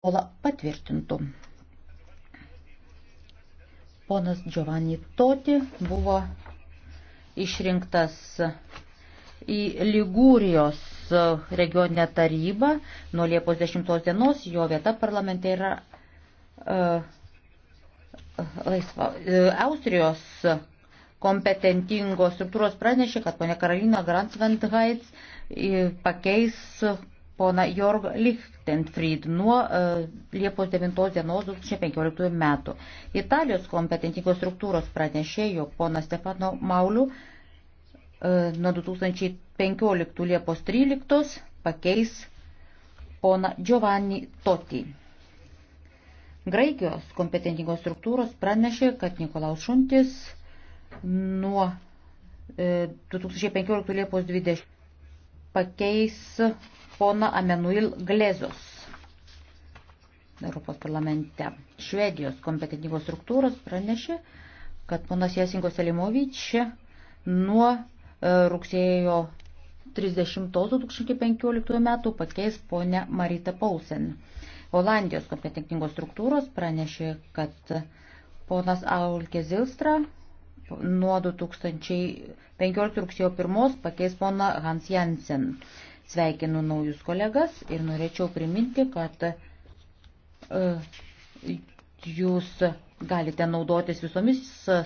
protokolą patvirtintų. Ponas Giovanni Toti buvo išrinktas į Ligūrijos regioninę tarybą nuo Liepos 10 dienos, jo vieta parlamente yra uh, laisva. E, Austrijos kompetentingos struktūros pranešė, kad ponia Karolina Grandsvendhaits e, pakeis pona Jorg Lichtenfried nuo uh, Liepos 9 dienos 2015 metų. Italijos kompetentingos struktūros pranešė, jog pona Stefano Mauliu uh, e, nuo 2015 Liepos 13 pakeis pona Giovanni Toti. Graikijos kompetentingos struktūros pranešė, kad Nikolaus Šuntis nuo e, uh, 2015 Liepos 20 pakeis poną Amenuil Glezos. Europos parlamente. Švedijos kompetentingos struktūros pranešė, kad ponas Jasinko Selimovič nuo e, rugsėjo 30.2015 metų pakeis ponę Maritą Pausen. Olandijos kompetentingos struktūros pranešė, kad ponas Aulke Zilstra nuo 2015 rugsėjo 1 pakeis poną Hans Jansen. Sveikinu naujus kolegas ir norėčiau priminti, kad uh, jūs galite naudotis visomis